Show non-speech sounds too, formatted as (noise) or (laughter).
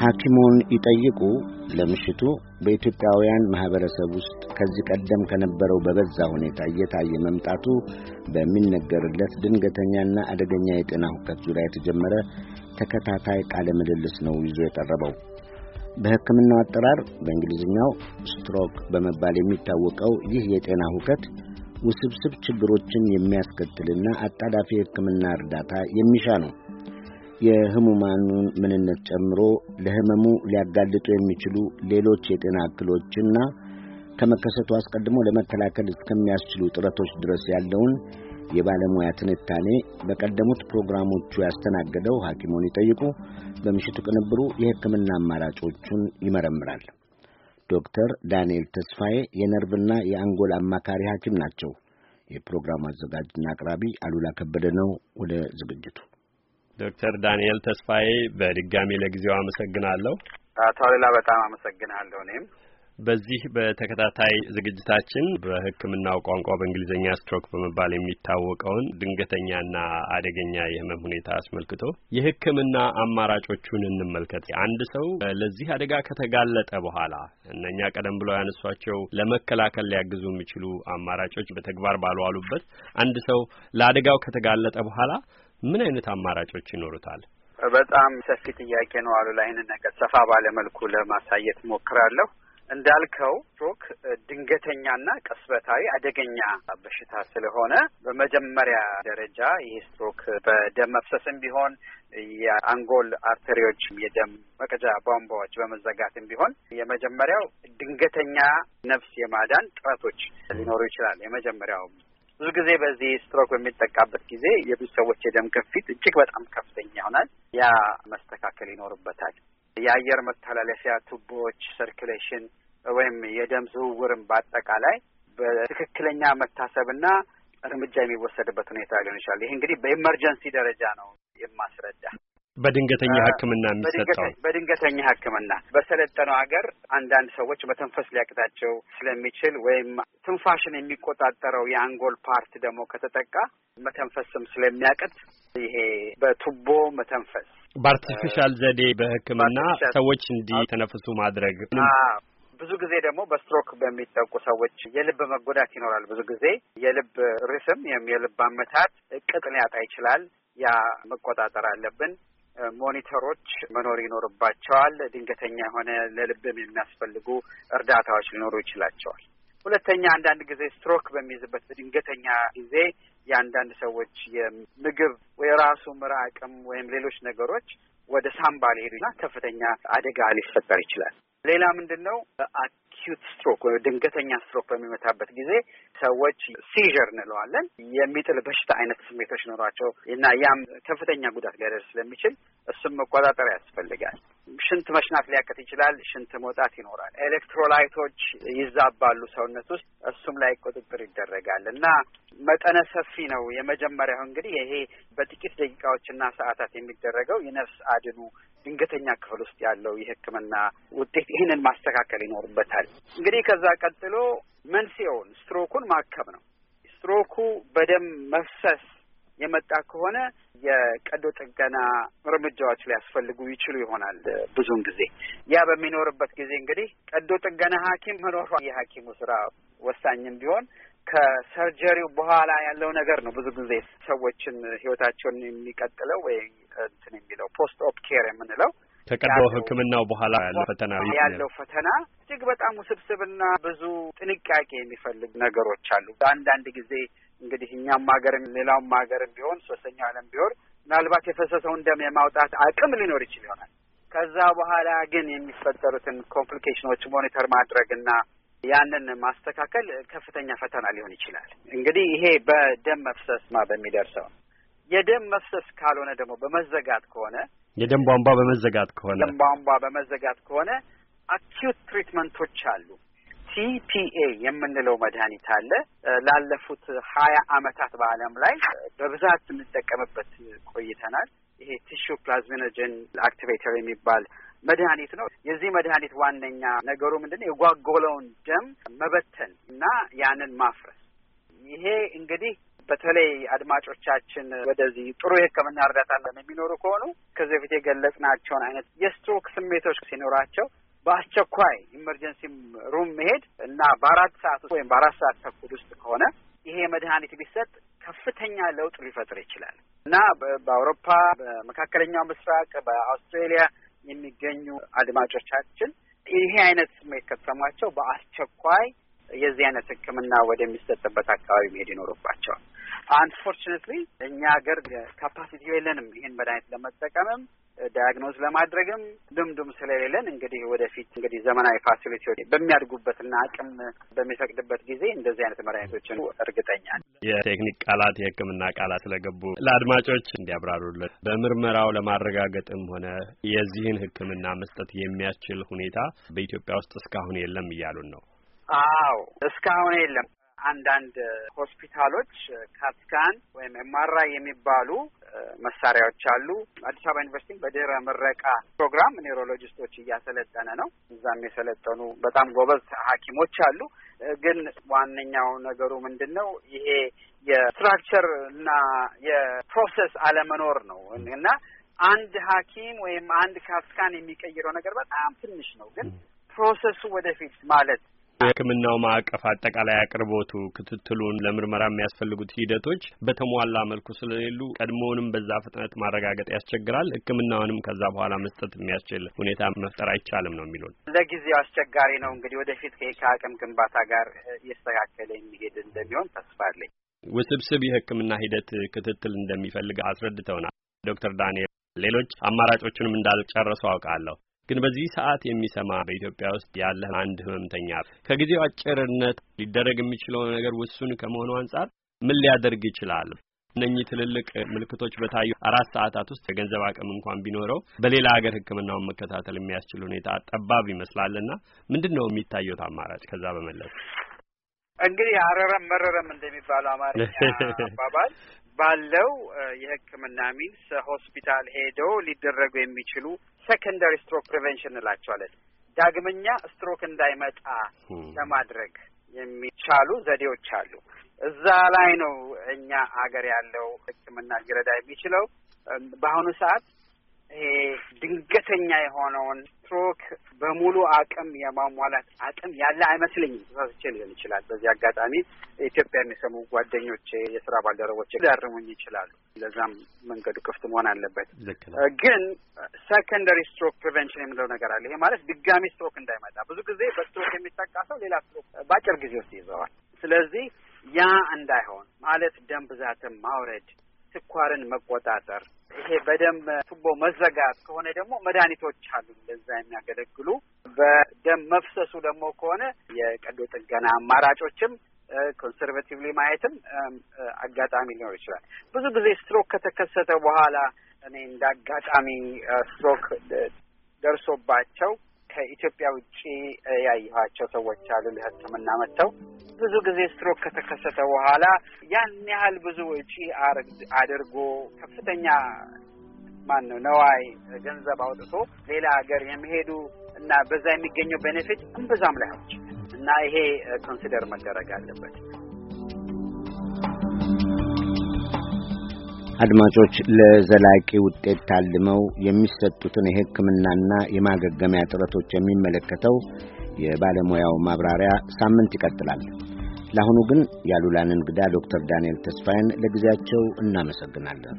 ሐኪሙን ይጠይቁ ለምሽቱ በኢትዮጵያውያን ማኅበረሰብ ውስጥ ከዚህ ቀደም ከነበረው በበዛ ሁኔታ እየታየ መምጣቱ በሚነገርለት ድንገተኛና አደገኛ የጤና ሁከት ዙሪያ የተጀመረ ተከታታይ ቃለ ምልልስ ነው ይዞ የቀረበው። በሕክምናው አጠራር በእንግሊዝኛው ስትሮክ በመባል የሚታወቀው ይህ የጤና ሁከት ውስብስብ ችግሮችን የሚያስከትልና አጣዳፊ የሕክምና እርዳታ የሚሻ ነው። የህሙማኑን ምንነት ጨምሮ ለህመሙ ሊያጋልጡ የሚችሉ ሌሎች የጤና እክሎችና ከመከሰቱ አስቀድሞ ለመከላከል እስከሚያስችሉ ጥረቶች ድረስ ያለውን የባለሙያ ትንታኔ በቀደሙት ፕሮግራሞቹ ያስተናገደው ሐኪሙን ይጠይቁ በምሽቱ ቅንብሩ የሕክምና አማራጮቹን ይመረምራል። ዶክተር ዳንኤል ተስፋዬ የነርቭና የአንጎል አማካሪ ሐኪም ናቸው። የፕሮግራሙ አዘጋጅና አቅራቢ አሉላ ከበደ ነው። ወደ ዝግጅቱ ዶክተር ዳንኤል ተስፋዬ በድጋሚ ለጊዜው አመሰግናለሁ። አቶ አሉላ በጣም አመሰግናለሁ እኔም በዚህ በተከታታይ ዝግጅታችን በሕክምናው ቋንቋ በእንግሊዝኛ ስትሮክ በመባል የሚታወቀውን ድንገተኛና አደገኛ የህመም ሁኔታ አስመልክቶ የሕክምና አማራጮቹን እንመልከት። አንድ ሰው ለዚህ አደጋ ከተጋለጠ በኋላ እነኛ ቀደም ብለው ያነሷቸው ለመከላከል ሊያግዙ የሚችሉ አማራጮች በተግባር ባልዋሉበት አንድ ሰው ለአደጋው ከተጋለጠ በኋላ ምን አይነት አማራጮች ይኖሩታል? በጣም ሰፊ ጥያቄ ነው አሉ። ላይ ነገር ሰፋ መልኩ ለማሳየት ሞክራለሁ። እንዳልከው ስትሮክ ድንገተኛና ቅስበታዊ አደገኛ በሽታ ስለሆነ በመጀመሪያ ደረጃ ይህ ስትሮክ በደም መፍሰስም ቢሆን የአንጎል አርተሪዎች የደም መቀጃ ቧንቧዎች በመዘጋትም ቢሆን የመጀመሪያው ድንገተኛ ነፍስ የማዳን ጥረቶች ሊኖሩ ይችላል። የመጀመሪያው ብዙ ጊዜ በዚህ ስትሮክ በሚጠቃበት ጊዜ የብዙ ሰዎች የደም ግፊት እጅግ በጣም ከፍተኛ ይሆናል። ያ መስተካከል ይኖርበታል። የአየር መተላለፊያ ቱቦዎች ሰርኩሌሽን ወይም የደም ዝውውርን በአጠቃላይ በትክክለኛ መታሰብና እርምጃ የሚወሰድበት ሁኔታ ሊሆን ይችላል። ይህ እንግዲህ በኤመርጀንሲ ደረጃ ነው የማስረዳ። በድንገተኛ ሕክምና የሚሰጠው በድንገተኛ ሕክምና በሰለጠነው ሀገር አንዳንድ ሰዎች መተንፈስ ሊያቅታቸው ስለሚችል ወይም ትንፋሽን የሚቆጣጠረው የአንጎል ፓርት ደግሞ ከተጠቃ መተንፈስም ስለሚያቅት ይሄ በቱቦ መተንፈስ በአርቲፊሻል ዘዴ በሕክምና ሰዎች እንዲተነፍሱ ማድረግ ብዙ ጊዜ ደግሞ በስትሮክ በሚጠቁ ሰዎች የልብ መጎዳት ይኖራል። ብዙ ጊዜ የልብ ርስም ወይም የልብ አመታት ቅጥ ሊያጣ ይችላል። ያ መቆጣጠር አለብን። ሞኒተሮች መኖር ይኖርባቸዋል። ድንገተኛ የሆነ ለልብም የሚያስፈልጉ እርዳታዎች ሊኖሩ ይችላቸዋል። ሁለተኛ አንዳንድ ጊዜ ስትሮክ በሚይዝበት በድንገተኛ ጊዜ የአንዳንድ ሰዎች የምግብ ወይ ራሱ አቅም ወይም ሌሎች ነገሮች ወደ ሳምባ ሊሄዱና ከፍተኛ አደጋ ሊፈጠር ይችላል። ሌላ ምንድን ነው? በአኪዩት ስትሮክ ወይ ድንገተኛ ስትሮክ በሚመታበት ጊዜ ሰዎች ሲዥር እንለዋለን የሚጥል በሽታ አይነት ስሜቶች ኖሯቸው እና ያም ከፍተኛ ጉዳት ሊያደርስ ስለሚችል እሱም መቆጣጠር ያስፈልጋል። ሽንት መሽናት ሊያቀት ይችላል። ሽንት መውጣት ይኖራል። ኤሌክትሮላይቶች ይዛባሉ ሰውነት ውስጥ እሱም ላይ ቁጥጥር ይደረጋል እና መጠነ ሰፊ ነው። የመጀመሪያው እንግዲህ ይሄ በጥቂት ደቂቃዎችና ሰዓታት የሚደረገው የነፍስ አድኑ ድንገተኛ ክፍል ውስጥ ያለው የሕክምና ውጤት ይህንን ማስተካከል ይኖርበታል። እንግዲህ ከዛ ቀጥሎ መንስኤውን ስትሮኩን ማከም ነው። ስትሮኩ በደም መፍሰስ የመጣ ከሆነ የቀዶ ጥገና እርምጃዎች ሊያስፈልጉ ይችሉ ይሆናል። ብዙውን ጊዜ ያ በሚኖርበት ጊዜ እንግዲህ ቀዶ ጥገና ሐኪም መኖሯ የሐኪሙ ስራ ወሳኝም ቢሆን ከሰርጀሪው በኋላ ያለው ነገር ነው። ብዙ ጊዜ ሰዎችን ህይወታቸውን የሚቀጥለው ወይ እንትን የሚለው ፖስት ኦፕ ኬር የምንለው ከቀዶ ሕክምናው በኋላ ያለው ፈተና ያለው ፈተና እጅግ በጣም ውስብስብና ብዙ ጥንቃቄ የሚፈልግ ነገሮች አሉ። በአንዳንድ ጊዜ እንግዲህ እኛም ሀገርም ሌላውም ሀገርም ቢሆን ሶስተኛው ዓለም ቢሆን ምናልባት የፈሰሰውን ደም የማውጣት አቅም ሊኖር ይችል ይሆናል። ከዛ በኋላ ግን የሚፈጠሩትን ኮምፕሊኬሽኖች ሞኒተር ማድረግና ያንን ማስተካከል ከፍተኛ ፈተና ሊሆን ይችላል። እንግዲህ ይሄ በደም መፍሰስ ማ በሚደርሰው የደም መፍሰስ ካልሆነ ደግሞ በመዘጋት ከሆነ የደም ቧንቧ በመዘጋት ከሆነ ደም ቧንቧ በመዘጋት ከሆነ አኪዩት ትሪትመንቶች አሉ። ሲፒኤ የምንለው መድኃኒት አለ። ላለፉት ሀያ አመታት በዓለም ላይ በብዛት ስንጠቀምበት ቆይተናል። ይሄ ቲሹ ፕላዝሚኖጀን አክቲቬተር የሚባል መድኃኒት ነው። የዚህ መድኃኒት ዋነኛ ነገሩ ምንድን ነው? የጓጎለውን ደም መበተን እና ያንን ማፍረስ። ይሄ እንግዲህ በተለይ አድማጮቻችን ወደዚህ ጥሩ የሕክምና እርዳታ የሚኖሩ ከሆኑ ከዚህ በፊት የገለጽናቸውን አይነት የስትሮክ ስሜቶች ሲኖራቸው በአስቸኳይ ኢመርጀንሲ ሩም መሄድ እና በአራት ሰዓት ወይም በአራት ሰዓት ተኩል ውስጥ ከሆነ ይሄ መድኃኒት ቢሰጥ ከፍተኛ ለውጥ ሊፈጥር ይችላል እና በአውሮፓ በመካከለኛው ምስራቅ በአውስትሬሊያ የሚገኙ አድማጮቻችን ይሄ አይነት ስሜት ከተሰማቸው በአስቸኳይ የዚህ አይነት ሕክምና ወደሚሰጥበት አካባቢ መሄድ ይኖርባቸዋል። አንፎርችነትሊ እኛ ሀገር ካፓሲቲ የለንም ይህን መድኃኒት ለመጠቀምም ዳያግኖዝ ለማድረግም ልምዱም ስለሌለን እንግዲህ ወደፊት እንግዲህ ዘመናዊ ፋሲሊቲዎች በሚያድጉበትና አቅም በሚፈቅድበት ጊዜ እንደዚህ አይነት መድኃኒቶችን እርግጠኛ የቴክኒክ ቃላት የህክምና ቃላት ስለገቡ ለአድማጮች እንዲያብራሩልን በምርመራው ለማረጋገጥም ሆነ የዚህን ህክምና መስጠት የሚያስችል ሁኔታ በኢትዮጵያ ውስጥ እስካሁን የለም እያሉን ነው። አዎ እስካሁን የለም። አንዳንድ ሆስፒታሎች ካትስካን ወይም ኤምአርአይ የሚባሉ መሳሪያዎች አሉ። አዲስ አበባ ዩኒቨርሲቲ በድህረ ምረቃ ፕሮግራም ኔውሮሎጂስቶች እያሰለጠነ ነው። እዛም የሰለጠኑ በጣም ጎበዝ ሐኪሞች አሉ። ግን ዋነኛው ነገሩ ምንድን ነው? ይሄ የስትራክቸር እና የፕሮሰስ አለመኖር ነው እና አንድ ሐኪም ወይም አንድ ካትስካን የሚቀይረው ነገር በጣም ትንሽ ነው ግን ፕሮሰሱ ወደፊት ማለት የሕክምናው ማዕቀፍ አጠቃላይ አቅርቦቱ፣ ክትትሉን፣ ለምርመራ የሚያስፈልጉት ሂደቶች በተሟላ መልኩ ስለሌሉ ቀድሞውንም በዛ ፍጥነት ማረጋገጥ ያስቸግራል። ሕክምናውንም ከዛ በኋላ መስጠት የሚያስችል ሁኔታ መፍጠር አይቻልም ነው የሚሉን። ለጊዜው አስቸጋሪ ነው። እንግዲህ ወደፊት ከአቅም ግንባታ ጋር እየተስተካከለ የሚሄድ እንደሚሆን ተስፋ አለኝ። ውስብስብ የሕክምና ሂደት ክትትል እንደሚፈልግ አስረድተውናል ዶክተር ዳንኤል። ሌሎች አማራጮችንም እንዳልጨረሱ አውቃለሁ። ግን በዚህ ሰዓት የሚሰማ በኢትዮጵያ ውስጥ ያለ አንድ ህመምተኛ ከጊዜው አጭርነት ሊደረግ የሚችለው ነገር ውሱን ከመሆኑ አንጻር ምን ሊያደርግ ይችላል? እነኚህ ትልልቅ ምልክቶች በታዩ አራት ሰዓታት ውስጥ የገንዘብ አቅም እንኳን ቢኖረው በሌላ ሀገር ሕክምናውን መከታተል የሚያስችል ሁኔታ ጠባብ ይመስላልና ምንድን ነው የሚታየው አማራጭ? ከዛ በመለስ እንግዲህ አረረም መረረም እንደሚባለው አማርኛ (laughs) አባባል ባለው የሕክምና ሚንስ ሆስፒታል ሄደው ሊደረጉ የሚችሉ ሴኮንደሪ ስትሮክ ፕሪቨንሽን እንላቸዋለን። ዳግመኛ ስትሮክ እንዳይመጣ ለማድረግ የሚቻሉ ዘዴዎች አሉ። እዛ ላይ ነው እኛ አገር ያለው ሕክምና ሊረዳ የሚችለው። በአሁኑ ሰዓት ድንገተኛ የሆነውን ስትሮክ በሙሉ አቅም የማሟላት አቅም ያለ አይመስለኝም። ተሳስቼ ሊሆን ይችላል። በዚህ አጋጣሚ ኢትዮጵያ የሚሰሙ ጓደኞቼ፣ የስራ ባልደረቦች ሊያርሙኝ ይችላሉ። ለዛም መንገዱ ክፍት መሆን አለበት። ግን ሰከንደሪ ስትሮክ ፕሪቨንሽን የምለው ነገር አለ። ይሄ ማለት ድጋሚ ስትሮክ እንዳይመጣ ብዙ ጊዜ በስትሮክ የሚጠቃ ሰው ሌላ ስትሮክ በአጭር ጊዜ ውስጥ ይዘዋል። ስለዚህ ያ እንዳይሆን ማለት ደም ብዛትን ማውረድ፣ ስኳርን መቆጣጠር ይሄ በደም ቱቦ መዘጋት ከሆነ ደግሞ መድኃኒቶች አሉ እንደዛ የሚያገለግሉ። በደም መፍሰሱ ደግሞ ከሆነ የቀዶ ጥገና አማራጮችም ኮንሰርቬቲቭሊ ማየትም አጋጣሚ ሊኖር ይችላል። ብዙ ጊዜ ስትሮክ ከተከሰተ በኋላ እኔ እንደ አጋጣሚ ስትሮክ ደርሶባቸው ከኢትዮጵያ ውጭ ያየኋቸው ሰዎች አሉ ለሕክምና መጥተው ብዙ ጊዜ ስትሮክ ከተከሰተ በኋላ ያን ያህል ብዙ ወጪ አድርጎ ከፍተኛ ማን ነው ነዋይ ገንዘብ አውጥቶ ሌላ ሀገር የሚሄዱ እና በዛ የሚገኘው ቤኔፊት እምብዛም ላይ እና ይሄ ኮንሲደር መደረግ አለበት። አድማጮች ለዘላቂ ውጤት ታልመው የሚሰጡትን የሕክምናና የማገገሚያ ጥረቶች የሚመለከተው የባለሙያው ማብራሪያ ሳምንት ይቀጥላል። ለአሁኑ ግን ያሉላን እንግዳ ዶክተር ዳንኤል ተስፋዬን ለጊዜያቸው እናመሰግናለን።